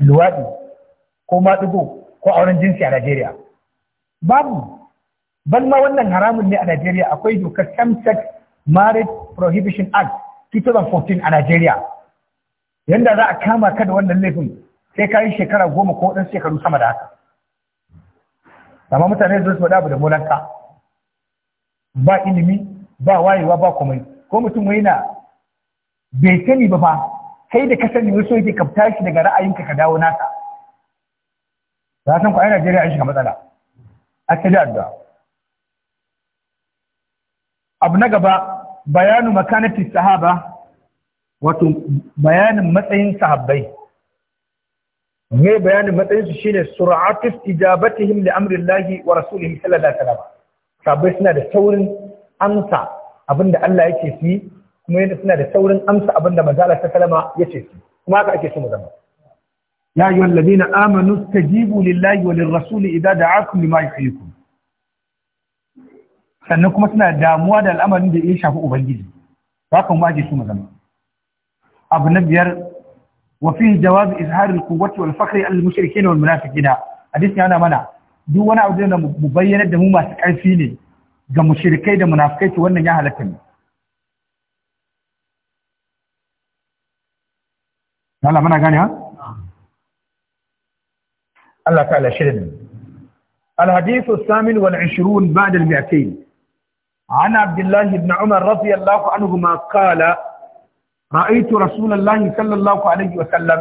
luwaɗi ko maɗigo ko auren jinsi a Najeriya babu ban ma wannan haramun ne a Najeriya akwai dokar Samsex Marriage Prohibition Act 2014 a Najeriya yanda za a kama ka da wannan laifin sai ka yi shekara goma ko ɗan shekaru sama da haka amma mutane zai su faɗa abu da molanka ba ilimi ba wayewa ba komai ko mutum wai bai sani ba fa kai da ka sani wasu yake ka tashi daga ra'ayinka ka dawo naka za san ku ai Najeriya an shiga matsala a addu'a abu na gaba bayanu makanati sahaba wato bayanin matsayin sahabbai Me bayanin matsayin su shine sur'atus ijabatihim li amrillahi wa rasulihi sallallahu alaihi wasallam sabai suna da saurin amsa abin da Allah yake su yi kuma yadda suna da saurin amsa abin da abinda manzala ta kalama yace su kuma haka ake so mu zama ya ayyuhal ladina amanu stajibu lillahi wa lirrasuli idza da'akum lima yuhyikum sannan kuma suna damuwa da al'amarin da ya shafi ubangiji ba kan waje su zama. abu na biyar wa fi jawaz izhar al-quwwati wal fakhri al-mushrikin wal munafiqin hadisi yana mana duk wani abu da mu bayyanar da mu masu ƙarfi ne ga mushrikai da munafikai to wannan ya halatta ne Allah muna gane ha Allah ta ala shirin الحديث الثامن والعشرون بعد المئتين عن عبد الله بن عمر رضي الله عنهما قال رأيت رسول الله صلى الله عليه وسلم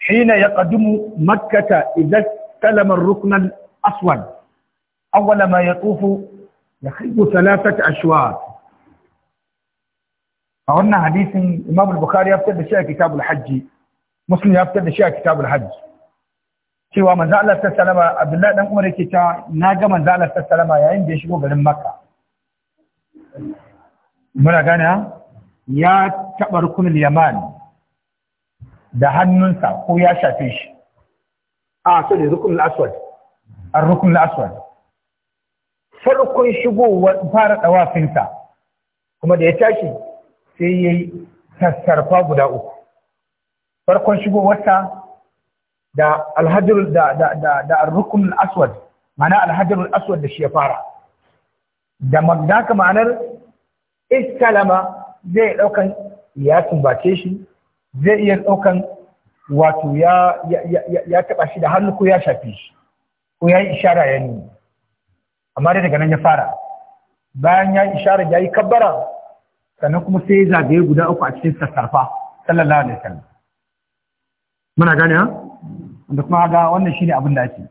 حين يقدم مكة إذا استلم الركن aswad awwala ya yatufu yakhudhu thalathat ashwat a wannan hadisin imam al-bukhari ya fitar da shi a kitabul hajji muslim ya fitar da shi a kitabul hajji cewa manzo Allah sallama abdullahi dan umar yake cewa na ga manzo Allah sallama yayin da ya shigo garin makka muna gane ya taɓa rukunin yaman da hannunsa ko ya shafe shi a so da rukunin aswad ar-rukun aswad farkon shigowar fara dawafinsa kuma da ya tashi sai yayi sassarfa guda uku farkon shigowarsa da da da da ar-rukun al-aswad ma'ana al aswad da shi ya fara da magdaka ma'anar istalama zai daukan ya tumbace shi zai iya daukan wato ya taɓa shi da hannu ko ya shafe shi ko ya yi ishara ya nuni amma dai daga nan ya fara bayan ya yi ishara ya yi kabbara sannan kuma sai ya zagaye guda uku a cikin sassarfa sallallahu alaihi wasallam muna gane ha wanda kuma ga wannan shine abin da ake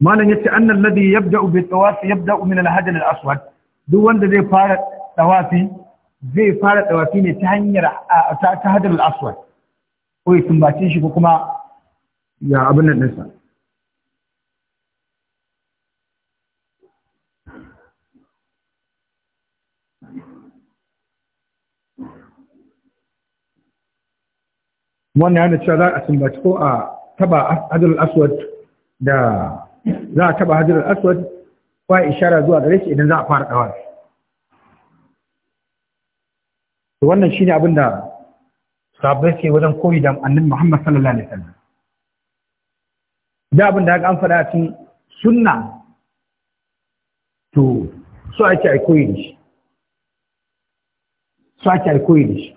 malam yace annal ladhi yabda'u bi tawafi yabda'u min al-hajar al-aswad duk wanda zai fara tawafi zai fara tawafi ne ta hanyar ta hajar al-aswad ko ya sumbace shi ko kuma ya abin nan ɗinsa wannan yana cewa za a sumbaci ko a taba hajjar aswad da za a taba hajjar aswad ko a ishara zuwa gare shi idan za a fara ɗawar wannan shi ne abin da sabbai ke wajen koyi da annin Muhammad sallallahu alaihi wasallam da abin da an faɗa cikin sunna to so ake a koyi da shi so ake a koyi da shi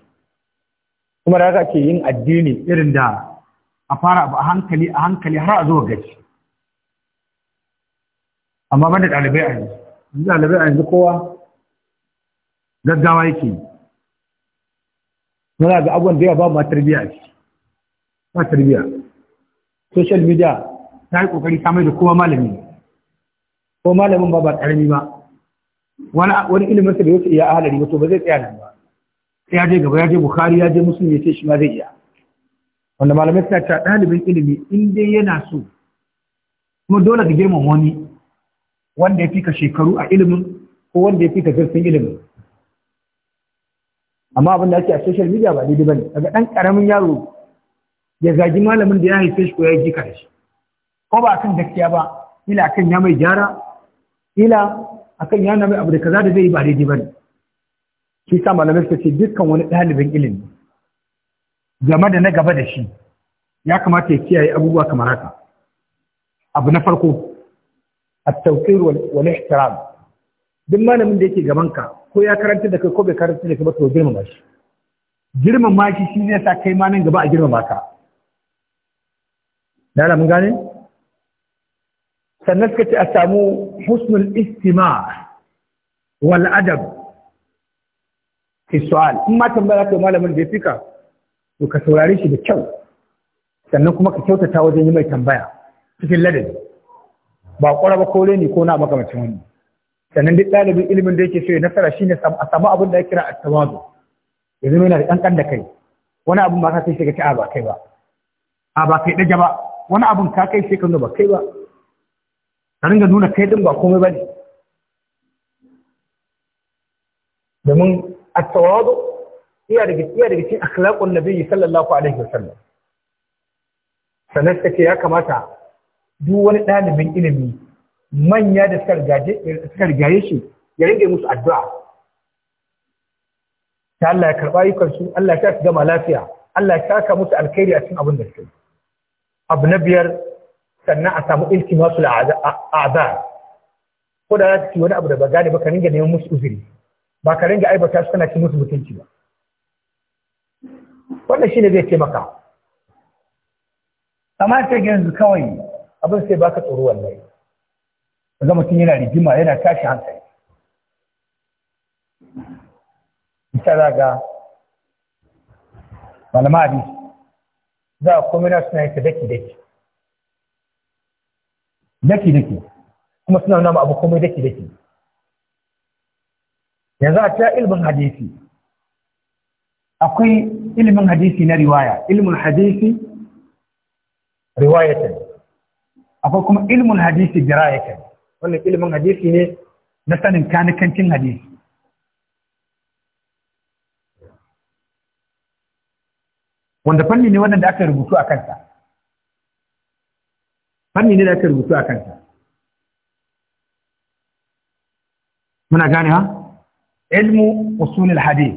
kuma da ake yin addini irin da a fara a hankali a hankali har a zuwa gaci amma ban da ɗalibai a yanzu ɗalibai a yanzu kowa gaggawa yake yi muna ga abubuwan da ya ba ma tarbiyya a ciki ba tarbiyya social media ta yi kokari ta da kowa malami ko malamin ba ba karami ba wani ilimin sa da yake iya ahalari ba to ba zai tsaya nan ba sai ya je gaba ya je bukhari ya je muslim ya ce shi ma zai iya wanda malamai suna cewa ɗalibin ilimi in dai yana so kuma dole ka girman wani wanda ya fika shekaru a ilimin ko wanda ya fika zurfin ilimin amma abin da ake a social media ba daidai bane daga ɗan ƙaramin yaro ya zagi malamin da ya haife shi ko ya ji jika da shi ko ba kan gaskiya ba ila akan ya mai gyara ila akan ya na mai abu da kaza da zai yi ba daidai ba ne shi sa malamai suka ce dukkan wani ɗalibin ilimi game da na gaba da shi ya kamata ya kiyaye abubuwa kamar haka abu na farko a tawqir wal ihtiram duk malamin da yake gaban ka ko ya karanta da kai ko bai karanta da kai ba to girmama shi girmama shi shi ne sa kai ma nan gaba a girmama ka Dala mun gane? sannan suka ce a samu husnul istima wal adab fi su'al in ma tambaya ko malamin da ya fika to ka saurare shi da kyau sannan kuma ka kyautata wajen yi mai tambaya cikin ladabi ba ƙwara ba kore ne ko na makamacin wani sannan duk ɗalibin ilimin da yake so ya nasara shine a samu abin da ya kira at-tawazu ya zama yana da ƙanƙan da kai wani abin ba ka sai shiga ci a ba kai ba a ba kai ɗaja ba wani abin ka kai sai ka ba kai ba ka ringa nuna kai din ba komai bane domin at-tawadu iya da iya da cikin akhlaqun nabiyyi sallallahu alaihi wasallam take ya kamata duk wani ɗalibin ilimi manya da suka rigaye shi ya ringa musu addu'a ta Allah ya karɓa su Allah ya gama lafiya Allah ya saka musu alkhairi a cikin abin da suke abu na biyar sannan a samu iltimasul a'zar ko da za ta ci wani abu da ba gane ba ka ringa neman musu uzuri ba ka ringa aibata su kana ci musu mutunci ba wannan shine zai taimaka amma ta yanzu kawai abin sai baka tsoro wallahi kaga mutum yana rigima yana tashi hankali ita za ga malama abi za a komina suna yake daki daki daki daki kuma suna nuna abu komai daki daki yanzu a ta ilmin hadisi akwai ilmin hadisi na riwaya ilmin hadisi riwayatan akwai kuma ilmin hadisi dirayatan wannan ilmin hadisi ne na sanin kanikancin hadisi wanda fanni ne wannan da aka rubutu a kansa fanni ne da aka rubutu a kanta muna gane ha ilmu usulul hadith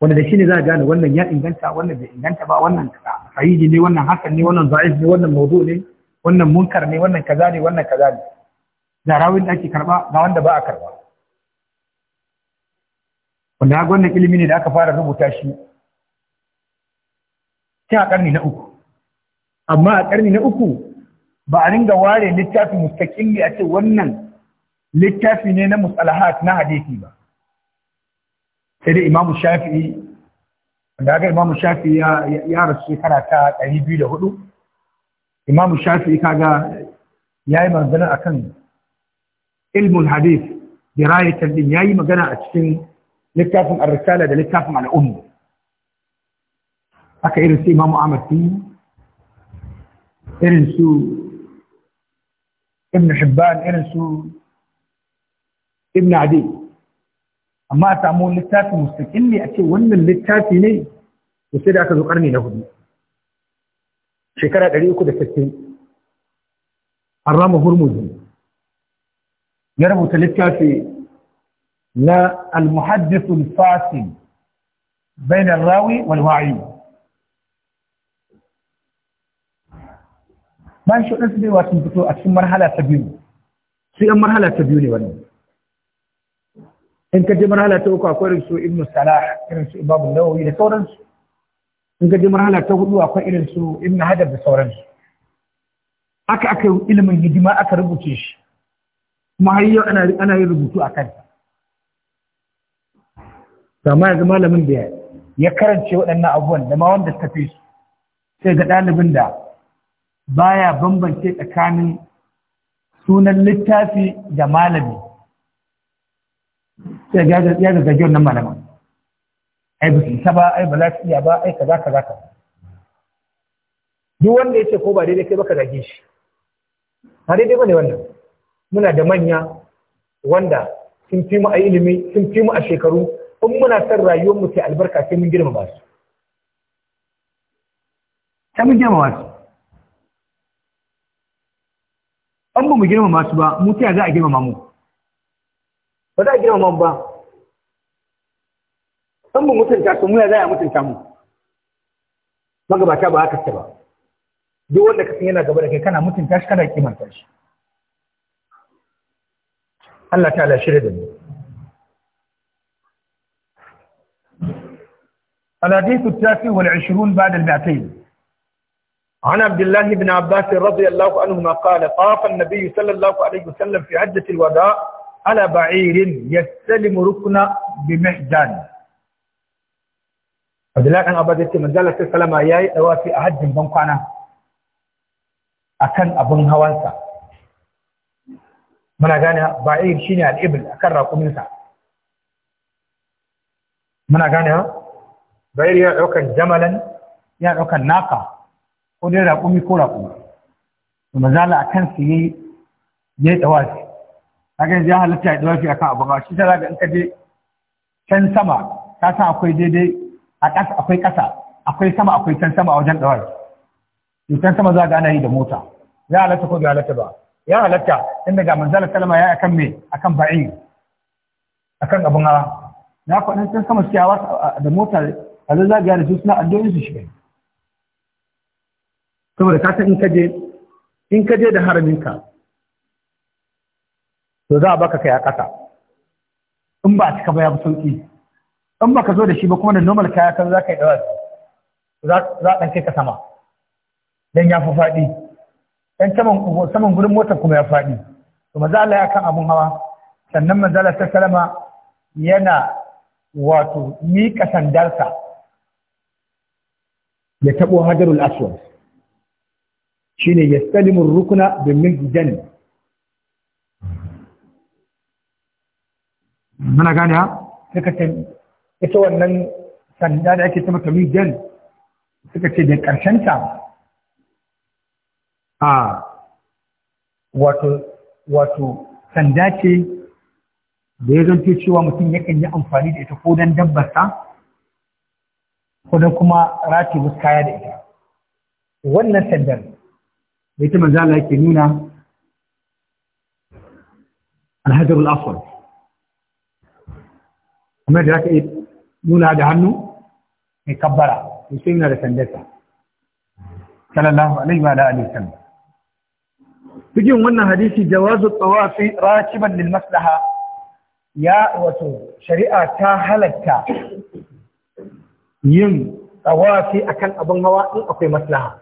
wanda da shi ne za a gane wannan ya inganta wannan bai inganta ba wannan sahihi ne wannan hasan ne wannan za'if ne wannan mawdu ne wannan munkar ne wannan kaza ne wannan kaza ne ga rawin da ake karba ga wanda ba a karba wanda ga wannan ilimi ne da aka fara rubuta shi sai a karni na uku amma a ƙarni na uku ba a ringa ware littafi ne a ce wannan littafi ne na musalahat na hadisi ba sai dai imamu shafi'i da ga imamu shafi'i ya rasu shekara ta ɗari biyu da hudu imamu shafi'i kaga ya yi magana a kan ilmin hadis da din ya yi magana a cikin littafin arisala da littafin al'ummu haka irin sai imamu amurfi irin su ibn Hibban irin su ibn Adi amma a samu littafi mustaƙin ne a ce wannan littafi ne da sai da aka zo ƙarni na hudu shekara ɗari da hurmuzi ya rubuta littafi na al-muhaddisul fasil bainar rawi wal wa'i bayan shi waɗansu da wasu fito a cikin marhala ta biyu su yan marhala ta biyu ne wannan in ka je marhala ta uku akwai irin su ibnu salah irin su babu nawawi da sauransu in ka je marhala ta hudu akwai irin su ibnu hajar da sauransu aka aka yi ilimin hidima aka rubuce shi kuma har yau ana yin rubutu a kansa amma yanzu malamin da ya karance waɗannan abubuwan da ma wanda ta fi su sai ga ɗalibin da baya bambance tsakanin sunan littafi da malami sai ya ga zage wannan malaman ai bisu ta ba ai ba za su iya ba ai kaza kaza ka duk wanda yace ko ba daidai kai baka zage shi ba daidai bane wannan muna da manya wanda sun fi mu a ilimi sun fi mu a shekaru in muna son rayuwar mu sai albarka sai mun girma ba su sai mun girma ba su ba mu girmama su ba mu ta za a girmama mu ba za a girmama mu ba san mu mutunta su mu ya za a mutunta mu magabata ba haka ce ba duk wanda ka san yana gaba da kai kana mutunta shi kana kimanta shi Allah ta shirya da mu الحديث التاسع والعشرون بعد المئتين عن عبد الله بن عباس رضي الله عنهما قال طاف النبي صلى الله عليه وسلم في حجة الوداع على بعير يستلم ركن بمحجان عبد الله بن عباس يقول من ذلك سلم ياي دوافي أحد بنقانا أكن أبن هوانسا من أغاني بعير شيني الإبل أكن راقمينسا من أغاني بعير يعوكا جملا يعوكا ناقة ko dai raƙumi ko raƙumi to mazala a yi Ya yi dawafi kaga gani ya halitta ya a kan abu ba shi ta ga in ka je can sama ka san akwai daidai a ƙasa akwai ƙasa akwai sama akwai can sama a wajen dawafi to can sama za zaga ana yi da mota ya halatta ko bai halatta ba ya halatta inda ga manzala salama ya akan me akan ba'i akan abun hawa na kwanan can sama hawa da mota a zagaya da su suna addu'o'in su shi saboda ka san in kaje in kaje da haraminka to za a baka kai a ƙasa in ba a cika ba ya fi sauƙi in ba ka zo da shi ba kuma da normal kaya kan za ka yi ɗawar za a ɗanke ka sama Dan ya fi faɗi dan saman gurin motar kuma ya faɗi to Allah ya kan abun hawa sannan maza ta salama yana wato miƙa sandarsa ya taɓo hajarul aswad shine yastalimu rukuna domin jan muna gane ha suka ce ita wannan sanda da ake sama kamar jan suka ce da ƙarshen ta a wato sanda ce da ya zanto cewa mutum yakan yi amfani da ita ko don dabbasa ko don kuma rati kaya da ita wannan sandar da ita manzo Allah yake nuna alhajar al'aswar kuma da aka nuna da hannu mai kabbara to sai nuna da sandarsa sallallahu alaihi wa alihi wasallam cikin wannan hadisi jawazu tsawafi rakiban lil maslaha ya wato shari'a ta halatta yin tsawafi akan abin hawa in akwai maslaha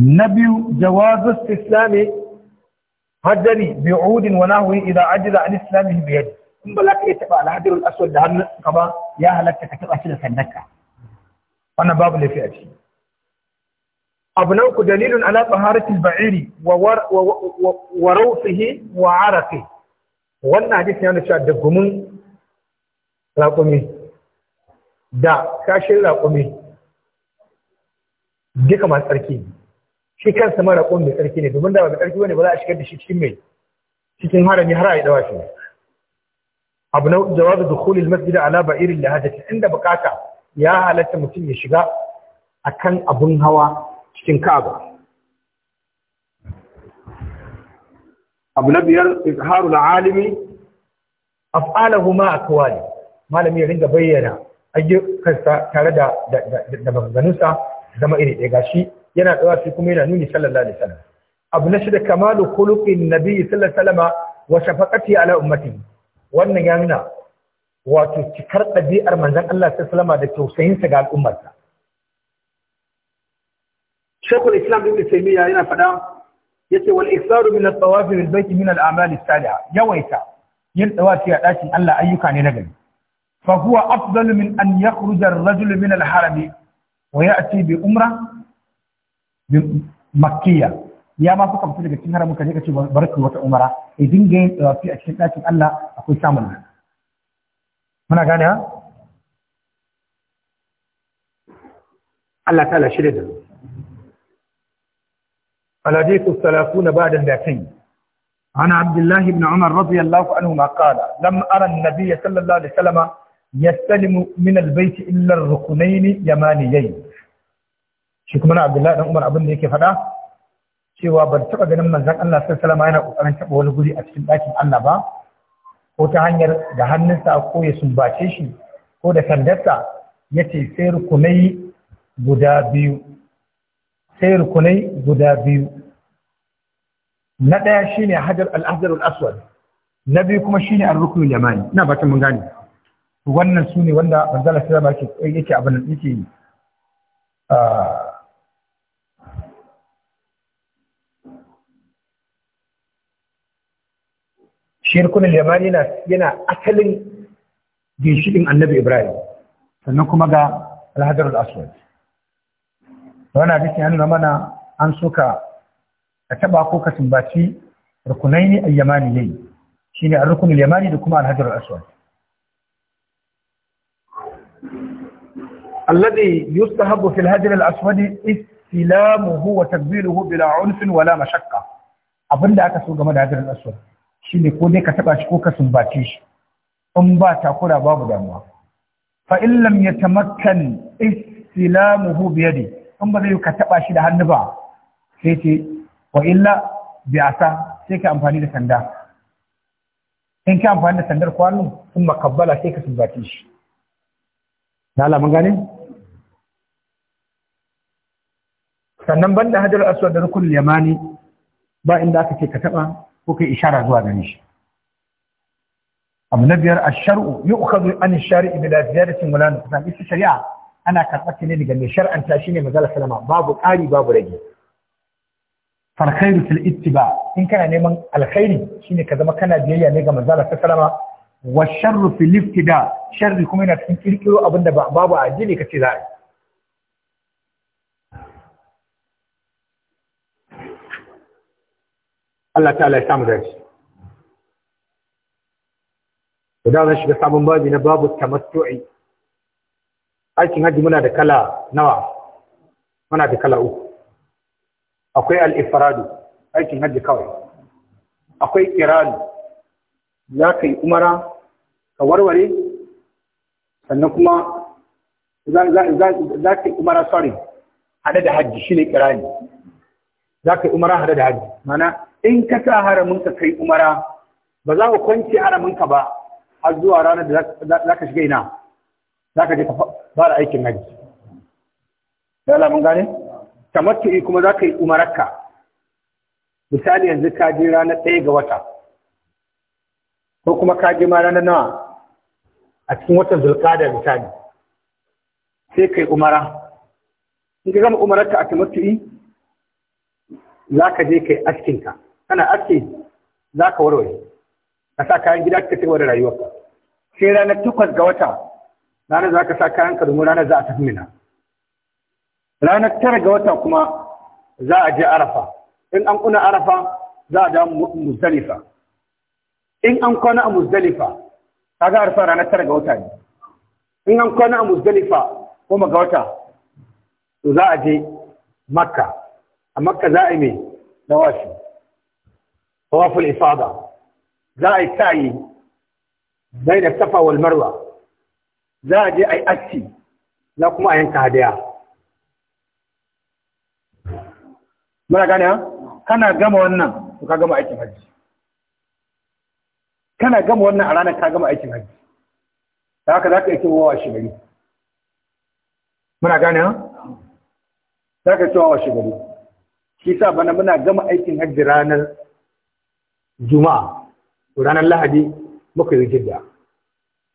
na biyu jawazu islami hajjari bi udin wa nahwi idza ajza an islamihi bi yadi in ba za ka iya taba alhadirul aswad da hannun ka ba ya halarta ka taba shi da sandarka wannan babu laifi a ciki abu na uku dalilun ala taharatil ba'iri wa wa rawfihi wa arafi wannan hadisi yana cewa da gumin raƙumi da kashin raƙumi duka masu tsarki shi kansa mara kun mai tsarki ne domin da ba tsarki bane ba za a shigar da shi cikin mai cikin harami har a yi dawa shi abu na jawabu dukhul al masjid ala ba'ir al hajati inda bukata ya halatta mutum ya shiga kan abun hawa cikin Ka'aba abu na biyar izharul alimi af'alahu ma akwali malami ya ringa bayyana ayyukansa tare da da maganganunsa zama iri ɗaya gashi yana dawafi kuma yana nuni sallallahu alaihi wasallam abu na shida kamalu khuluqin nabi sallallahu alaihi wasallam wa shafaqati ala ummatihi wannan ya nuna wato cikar ɗabi'ar manzon Allah sallallahu alaihi da tausayinsa ga al'ummarsa Shekul Islam Ibn Taymiyyah yana faɗa yace wal iksaru min at-tawaf bil bayt min al-a'mal as-salihah yawaita yin tawafi a ɗakin Allah ayyuka ne na gari fa huwa afdalu min an yakhruja ar-rajulu min al-harami wa ya'ti bi umra bi makkiya ya ma suka fita daga cikin haramun kaje kace barka wata umara ya dinga yin tsawafi a cikin ɗakin Allah akwai samun nan muna gane ha Allah ta'ala shirya da mu الحديث الثلاثون بعد المئتين عن عبد الله بن عمر رضي الله عنهما قال لم أرى النبي صلى الله عليه وسلم yastalimu min albayti illa ar-rukunayn yamaniyai shi kuma na Abdullahi dan Umar abin da yake faɗa cewa ban taɓa ganin manzon Allah sallallahu alaihi yana kokarin taɓa wani guri a cikin ɗakin Allah ba ko ta hanyar da hannunsa ko ya sumbace shi ko da sandarsa yace sai rukunai guda biyu sai rukunai guda biyu na ɗaya shine hajar al-ahjar al-aswad na biyu kuma shine ar-rukun yamani ina ba mun gane wannan su ne wanda manzala sai ba ke yake abin da yake yi ah, shirkunan yamani yana yana asalin ginshiɗin annabi ibrahim sannan kuma ga alhajar al'aswad wani abin ya nuna mana an suka ka taɓa ko ka sumbaci rukunai ne a ne shi ne yamani da kuma alhajar aswad alladhi yustahabu fil hajar al-aswadi istilamuhu wa tadbiruhu bila unfin wala mashaqqa abinda aka so game da hajar al shine ko dai ka taba shi ko ka sumbace shi in ba takura babu damuwa fa in lam yatamakkan istilamuhu bi yadi in ba zai ka taba shi da hannu ba sai ce wa illa biyasa asa sai ka amfani da sanda in ka amfani da sandar kwano sun makabbala sai ka sumbace shi Allah mun gane sannan banda hajar aswad da rukun yamani ba inda aka ce ka taba ko kai ishara zuwa gare shi abu na biyar a sharu yu'khadhu an ash-shari'i bila ziyadatin wala nuqsan ita shari'a ana karɓar ne daga mai shar'anta ne manzala salama babu ƙari babu rage farkhairu fil ittiba in kana neman alkhairi shine ka zama kana biyayya ne ga manzala salama wa sharru fil da sharri kuma yana cikin kirkiro abinda babu a ka ce za a yi Allah Allah ya samu dace Ku da zan shiga sabon babi na babu tamattu'i aikin haji muna da kala nawa muna da kala uku akwai al aikin haji kawai akwai kirani za ka yi umara ka warware sannan kuma za ka yi umara sorry hada da hajji shine kirani za ka yi umara hada da hajji mana in ka sa haramin ka kai umara ba za ka kwanci haramin ka ba har zuwa ranar da za ka shiga ina za ka je ka fara aikin hajji Yala mun gane? Tamattu'i kuma za ka yi umararka. Misali yanzu ka je ranar ɗaya ga wata, ko kuma ka je ma ranar nawa a cikin watan zulkada tani sai kai umara in ka gama umararka a tamattu'i za ka je kai askinka kana aski za ka warware ka sa kayan gida ka sai warware rayuwarka sai ranar takwas ga wata ranar za ka sa kayan ka domin ranar za a tafi mina ranar tara ga wata kuma za a je arafa in an kuna arafa za a dawo muzdalifa in an kwana a muzdalifa kaga arfa ranar tara ga wata ne in an kwana a muzdalifa kuma ga wata to za a je makka a makka za a yi mai washi tawaful ifada za a yi sa'i zai da safa wal marwa za a je a yi aski za kuma a yanka hadaya muna gane kana gama wannan to ka gama aikin hajji kana gama wannan a ranar ka gama aikin hajji da haka za ka iya cewa washe gari muna gane ha za ka cewa washe gari shi sa bana muna gama aikin hajji ranar juma'a ranar lahadi muka yi jidda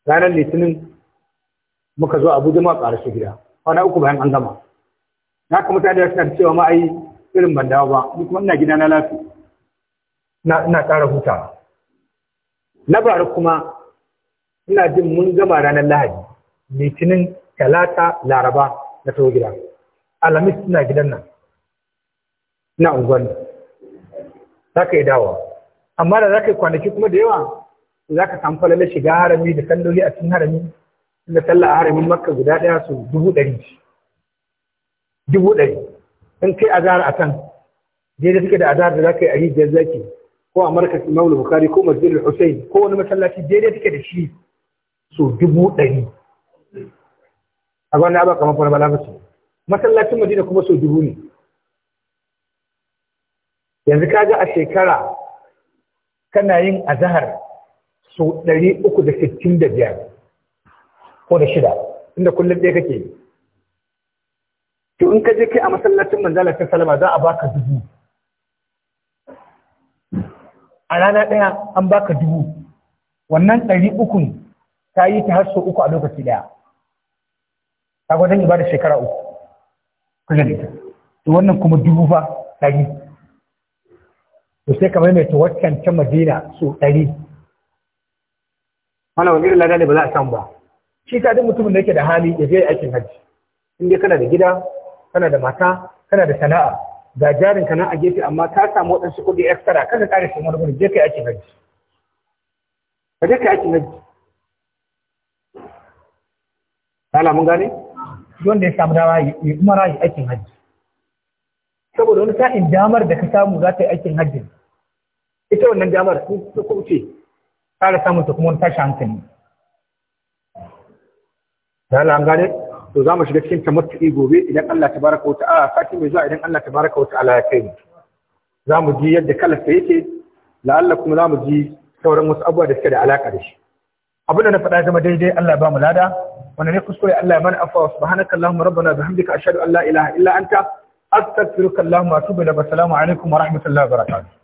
ranar litinin muka zo abuja ma ƙara su gida kwana uku bayan an gama na ka mutane da suna cewa ma ai irin ban dawo ba ni kuma ina gida na lafi na ƙara hutawa na bara kuma ina jin mun gama ranar lahadi litinin talata laraba na tawo gida alamis ina gidan nan ina unguwan za ka yi dawa amma da za ka yi kwanaki kuma da yawa za ka samu falalar shiga harami da sandoli a cikin harami da sallah a haramin makka guda ɗaya su dubu ɗari dubu ɗari in kai azahar a kan je da suke da azahar da za ka yi a rijiyar zaki ko a markas imam bukhari ko masjid al-husayn ko wani masallaci daidai take da shi so dubu ɗari a na ba kamar kwana bala su masallacin madina kuma so dubu ne yanzu ka ga a shekara kana yin azahar so ɗari uku da sittin da biyar ko da shida inda kullum ɗaya kake to in ka je kai a masallacin manzala ta salama za a baka dubu a rana ɗaya an baka dubu wannan ɗari ukun ta yi ta har sau uku a lokaci ɗaya ta ba da shekara uku kusa da ita to wannan kuma dubu ba ɗari to sai kamar mai tawaccan can madina so ɗari mana wani irin ne ba za a samu ba shi ta duk mutumin da yake da hali ya je aikin hajji in dai kana da gida kana da mata kana da sana'a ga jarin ka nan a gefe amma ka samu waɗansu kuɗi extra kada ƙara shi marmari je kai aikin hajji ka je kai aikin hajji ala mun gane don da ya samu dama ya kuma rayu aikin hajji saboda wani sa'in damar da ka samu za ta yi aikin hajji ita wannan damar ta kuce ƙara samun ta kuma wani tashi hankali da ala an gane to za mu shiga cikin tamattu'i gobe idan Allah tabaraka wa ta'ala sati mai zuwa idan Allah baraka wa ta'ala ya kai za mu ji yadda kalarsa yake la'alla kuma za mu ji sauran wasu abubuwa da suke da alaka da shi abin da na faɗa zama daidai Allah ba mu lada wanda ne kuskure Allah ya mana afwa subhanaka allahumma rabbana bihamdika ashhadu an la ilaha illa anta astaghfiruka allahumma wa atubu ilaik assalamu alaikum wa rahmatullahi wa barakatuh